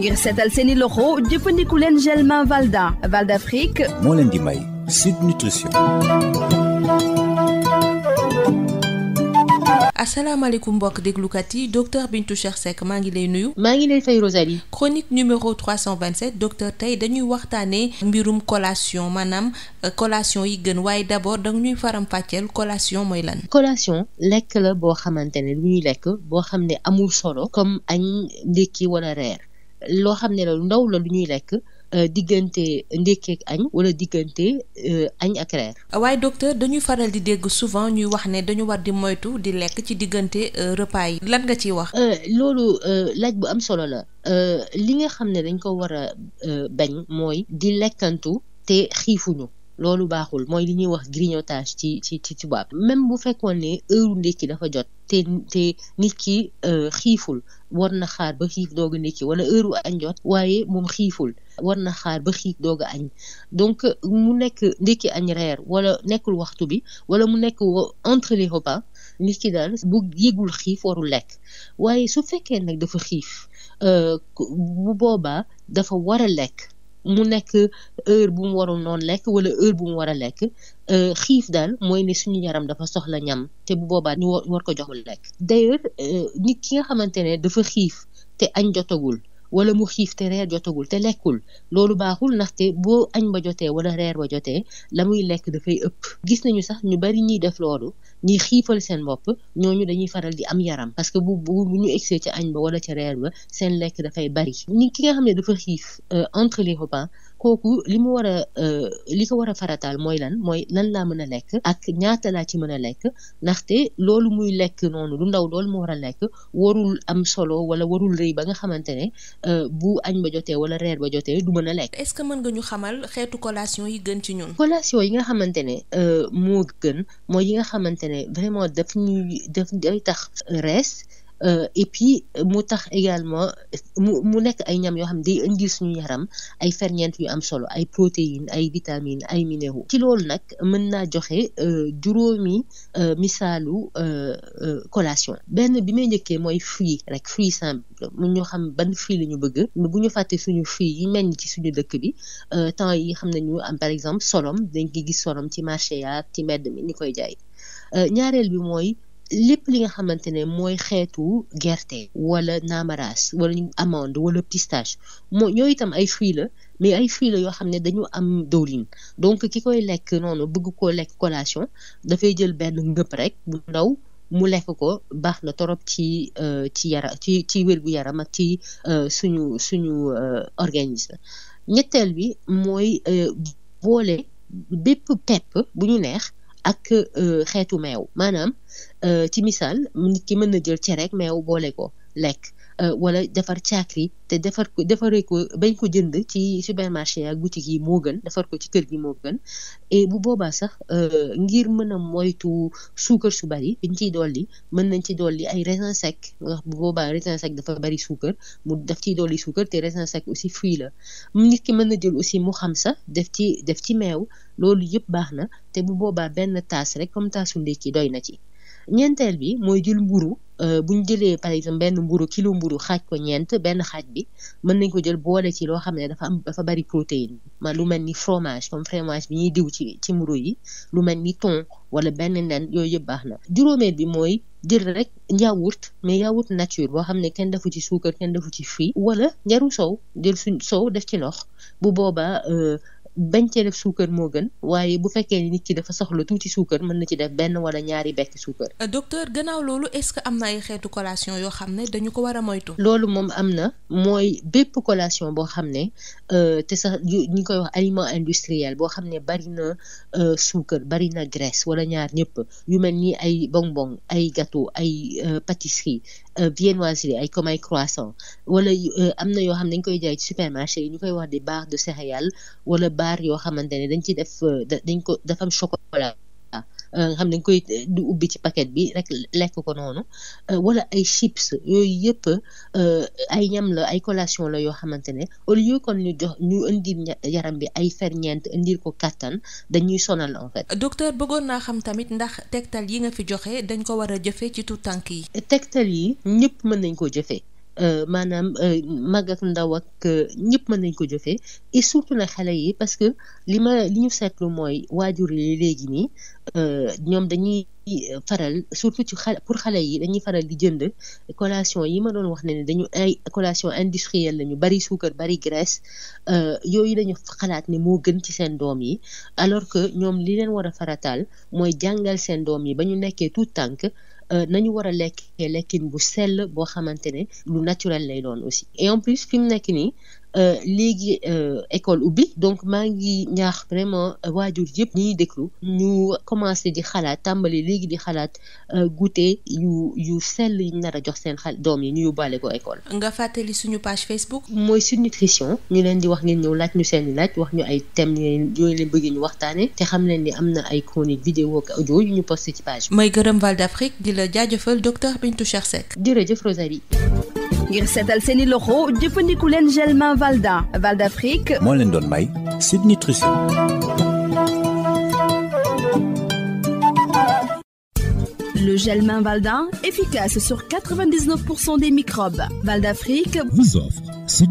ngir seetal seeni loxo jëfandiku leen gel main Valda Valda Afrique moo leen mbokk déglukat yi docteur Bintou Cheikh Seck maa ngi lay nuyu. maa ngi lay fay Rosalie. chronique numéro 327 docteur tey dañuy waxtaanee mbirum collation maanaam euh, collation yi gën waaye d' abord da ñuy faram fàcceel collation mooy lan. collation lekk la boo xamante ne lu ñuy lekk boo xam ne amul solo comme añ ndékki wala reer loo xam ne la lu ndaw la lu ñuy lekk euh, diggante ndékki añ wala diggante euh, añ ak reer. waaye docteur dañuy faral di dégg souvent ñuy wax ne dañu war di moytu di lekk ci diggante euh, repas yi lan nga ciy wax. loolu laaj bu am solo la li nga xam ne dañ ko war a bañ mooy di lekkantu te xiifuñu. loolu baaxul mooy li ñuy wax grignotage ci ci ci tubaab même bu fekkoon ne heure ndékki dafa jot te te nit ki euh, xiiful war na xaar ba xiif doog a ndékki wala heure wu añ waaye moom xiiful war na xaar ba xiif doog a donc mu nekk ndekki añ reer wala nekkul waxtu bi wala mu nekk entre les repas nit ki daal bu yëgul xiif warul lekk waaye su fekkee nag dafa xiif euh, bu boobaa dafa war a lekk mu nekk heure bum mu warul noonu lekk wala heure bu mu war a lekk euh, xiif daal mooy ne suñu yaram dafa soxla ñam te bu boobaa ñu war ko jox mu lekk. d'ailleurs euh, nit ki nga xamante ne dafa xiif te añ jotagul. wala mu xiif te reer jotagul te lekkul loolu baaxul ndaxte boo añ ba jotee wala reer ba jotee la muy lekk dafay ëpp gis nañu sax ñu bari ñiy def loolu ñiy xiifal seen bopp ñooñu dañuy faral di am yaram parce que bu bu ñu egsee ca añ ba wala ca reer ba seen lekk dafay bari ni ki nga xam ne dafa xiif euh, entre les repas kooku li mu war a euh, li ko war a farataal mooy lan mooy lan laa mën a lekk ak ñaata laa ci mën a lekk ndaxte loolu muy lekk noonu lu ndaw loolu mu war a lekk warul am solo wala warul rëy ba nga xamante ne euh, bu añ ba jotee wala reer ba jotee du mën a lekk. est que mën nga ñu xamal xeetu collation yi gën ci ñun. collation yi nga xamante ne euh, moo gën mooy yi nga xamante ne vraiment daf ñuy daf day tax rees. Euh, et puis euh, mu tax également mu mu nekk ay ñam yoo xam ne day indi suñu yaram ay ferñeent yu am solo ay protéines ay vitamines ay minéraux ci loolu nag mën naa joxe euh, juróomi misaalu collation benn bi may njëkkee mooy fruit rek fruit simple mu ñu xam ban fruit la ñu bëgg bu ñu fàtte suñu fruit yi mel ci suñu dëkk bi temps yi xam nañu am par exemple solom dañ ko gis solom ci marché ya ci mbedd mi ñu koy jaay ñaareel bi mooy lépp li nga xamante ne mooy xeetu gerte wala naamaras wala amande wala pistage moo ñoo itam ay fruits la mais ay fiila yoo xam ne dañu am dawlin donc ki koy lekk noonu bëgg koo lekk collation dafay jël benn ngëpp rek bu ndaw mu lekk ko baax na torop ci euh, ci yara ci ci wér gu yaram ak ci euh, suñu suñu euh, organisme ñetteel bi mooy boole bépp pepp bu ñu neex ak euh, xeetu meew maanaam euh, ci misaal nit ki mën na jël cere ak meew boole ko lekk Euh, wala defar caakri te defar ko defaree ko bañ ko jënd ci supermarché ak guti yi moo gën defar ko ci kër gi moo gën et bu boobaa sax euh, ngir mën a moytu suukar su bari biñ ciy dolli mën nañ ci dolli ay raisin sec wax bu boobaa raisin sec dafa bari suukar mu daf ciy dolli suukar te raisin sec aussi fruit la nit ki mën na jël aussi mu xam sax def ci def ci meew loolu yëpp baax na te bu boobaa benn taas rek comme taasu ndékki doy na ci ñeenteel bi mooy jël mburu Euh, bu ñu jëlee par exemple benn mburu kilo mburu xaaj ko ñeent benn xaaj bi mën nañ ko jël boole ci loo xam ne dafa am dafa bari protéine ma lu mel ni fromage comme bi ñuy diw ci ci mburu yi lu mel ni thon wala benn nen yooyu yëpp baax na juróomeel bi mooy jël rek yaourt mais yaourt nature boo xam ne kenn defu ci suukar kenn defu ci fruit wala njaru sow jël suñ sow def ci ndox bu boobaa euh, bañ cee def suukar moo gën waaye bu fekkee ni nit ki dafa soxla tuuti suukar mën na ci def benn wala ñaari bekki suukar. Euh, docteur gannaaw loolu est-ce que am na ay xeetu collation yoo xam ne dañu ko war a moytu. loolu moom am na mooy bépp collation boo xam ne euh, te sax ñu koy wax aliment industriel boo xam ne bari na euh, suukar bari na graisse wala ñaar ñëpp yu mel ni ay bonbon ay gâteau ay pâtisserie viennoiserie ay comme ay croissant wala am na yoo xam ne dañ koy jaay ci supermarché yi ñu koy wax di barres de céréales wala. baar yoo xamante ne dañ ciy def euh, dañ ko dafa am chocolat euh, nga xam dañ koy euh, du ubbi ci paquet bi rek lekk ko noonu wala ay chips yooyu yëpp ay ñam la ay collation la yoo xamante ne au kon ñu jox ñu indil yaram bi ay ferñeent indil ko kàttan dañuy sonal en fait. docteur bëggoon naa xam tamit ndax tegtal yi nga fi joxe dañ ko war a jëfee ci tout tànk yi. tegtal yi ñëpp mën nañ koo jëfee. Euh, maanaam euh, mag ak ndaw ak euh, ñëpp mën nañ ko jëfee et surtout nag xale yi parce que li ma li ñu seetlu mooy waajur yi léegi nii ñoom dañuy faral surtout ci xale pour xale yi dañuy faral di jënd collation yi ma doon wax ne ni dañu ay collation industrielle lañu bari suukar bari graisse yooyu dañu xalaat ni moo gën ci seen doom yi alors que ñoom li leen war a farataal mooy jàngal seen doom yi ba ñu nekkee tout tànk Euh, nañu war a lekk lekkin bu sell boo xamante ne lu naturel lay doon aussi et en plus fi lekk nii Euh, léegi euh, école ubbi donc maa ngi ñaax vraiment euh, waajur yëpp ñuy déglu ñu commencé di xalaat tàmbali léegi di xalaat goûter yu yu sell yi nar a jox seen xal doom yi ñu yóbbaale ko école. nga fàttali suñu page Facebook. mooy Sud Nutrition ñu leen di wax ngeen ñëw laaj ñu seen i laaj wax ñu ay thèmes yooyu leen bëgg ñu waxtaanee te xam leen ni am na ay chronique vidéo ak audio yu ñu posté ci page bi. gërëm Val d'Afrique di la jaajëfal docteur Bintou Cheikh Seck. jërëjëf Rosalie. ngir seetal seeni loxo jëfandiku leen gel main Valda moo leen doon may Nutrition Le gel main Valdin, efficace sur 99% des microbes. Val vous offre Sud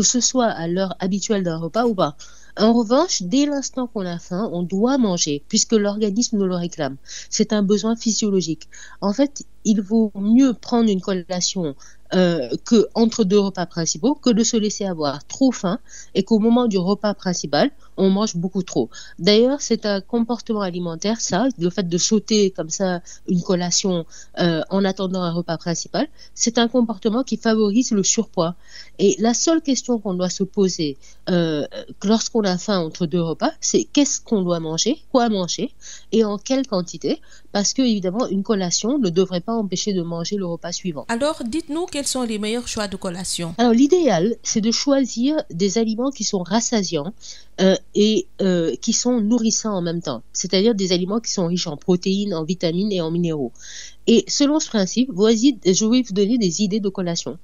que ce soit à l'heure habituelle d'un repas ou pas. En revanche, dès l'instant qu'on a faim, on doit manger, puisque l'organisme nous le réclame. C'est un besoin physiologique. En fait, il vaut mieux prendre une collation euh, que entre deux repas principaux que de se laisser avoir trop faim et qu'au moment du repas principal, on mange beaucoup trop. D'ailleurs, c'est un comportement alimentaire, ça, le fait de sauter comme ça une collation euh, en attendant un repas principal, c'est un comportement qui favorise le surpoids. Et la seule question qu'on doit se poser euh, lorsqu'on a faim entre deux repas, c'est qu'est-ce qu'on doit manger, quoi manger et en quelle quantité, parce que évidemment une collation ne devrait pas empêcher de manger le repas suivant. Alors, dites-nous quels sont les meilleurs choix de collation. l'idéal, c'est de choisir des aliments qui sont rassasiants euh, et euh, qui sont nourrissants en même temps, c'est-à-dire des aliments qui sont riches en protéines, en vitamines et en minéraux. Et selon ce principe, voici, je vais vous donner des idées de collations.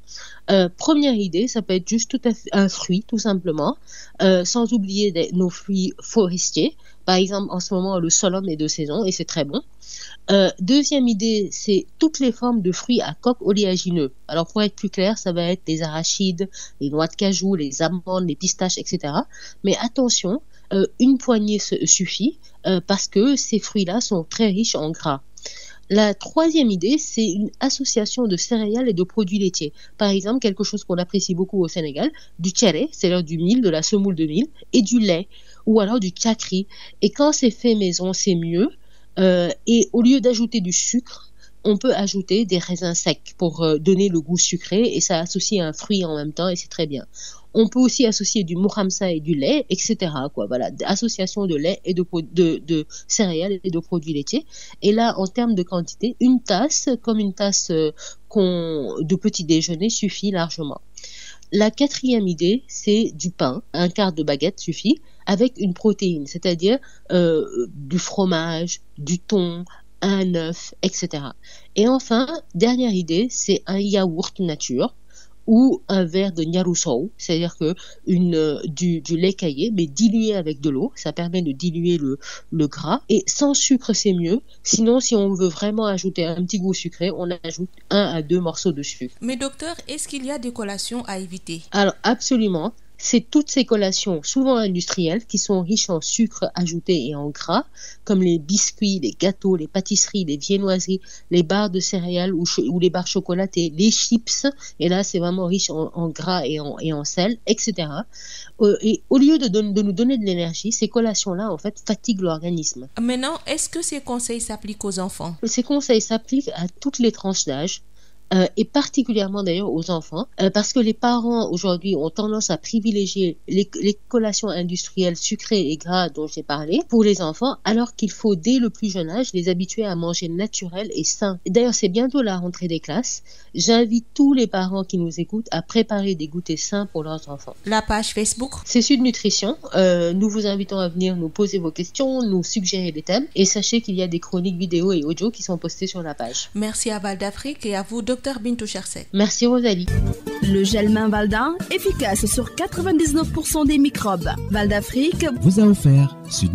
Euh, première idée, ça peut être juste tout à fait un fruit, tout simplement, euh, sans oublier nos fruits forestiers. Par exemple, en ce moment, le solum est de saison et c'est très bon. Euh, deuxième idée, c'est toutes les formes de fruits à coque oléagineux. Alors, pour être plus clair, ça va être les arachides, les noix de cajou, les amandes, les pistaches, etc. Mais attention, euh, une poignée suffit euh, parce que ces fruits-là La troisième idée, c'est une association de céréales et de produits laitiers. Par exemple, quelque chose qu'on apprécie beaucoup au Sénégal, du tchéré, c'est-à-dire du mil, de la semoule de mil, et du lait, ou alors du chakri. Et quand c'est fait maison, c'est mieux. Euh, et au lieu d'ajouter du sucre, on peut ajouter des raisins secs pour euh, donner le goût sucré et ça associe un fruit en même temps et c'est très bien. On peut aussi associer du mohamsa et du lait, etc. Quoi, voilà, association de lait et de, de, et de produits laitiers. Et là, en termes de quantité, une tasse, comme une tasse euh, de petit déjeuner, suffit largement. La quatrième idée, c'est du pain. Un quart de baguette suffit avec une protéine, c'est-à-dire euh, du fromage, du thon, un œuf, etc. Et enfin, dernière idée, c'est un yaourt nature ou un verre de nyaruso, c'est-à-dire que une, euh, du, du, lait caillé, mais dilué avec de l'eau, ça permet de diluer le, le gras. Et sans sucre, c'est mieux. Sinon, si on veut vraiment ajouter un petit goût sucré, on ajoute un à deux morceaux de sucre. Mais docteur, est-ce qu'il y a des à éviter absolument. c'est toutes ces collations, souvent industrielles, qui sont riches en sucre ajouté et en gras, comme les biscuits, les gâteaux, les pâtisseries, les viennoiseries, les barres de céréales ou, ou les barres chocolatées, les chips, et là c'est vraiment riche en, en gras et en, et en, sel, etc. Euh, et au lieu de, nous donner de l'énergie, ces collations-là, en fait, fatiguent l'organisme. Maintenant, est-ce que ces conseils s'appliquent aux enfants Ces conseils s'appliquent à toutes les tranches d'âge, euh, et particulièrement d'ailleurs aux enfants, euh, parce que les parents aujourd'hui ont tendance à privilégier les, collations industrielles sucrées et gras dont j'ai parlé pour les enfants, alors qu'il faut dès le plus jeune âge les habituer à manger naturel et sain. D'ailleurs, c'est bientôt la rentrée des classes. J'invite tous les parents qui nous écoutent à préparer des goûters sains pour leurs enfants. La page Facebook C'est Sud Nutrition. Euh, nous vous invitons à venir docteur Bintou Chersek. Merci Rosalie. Le gel main Valdin, efficace sur 99% des microbes. Val vous a offert Sud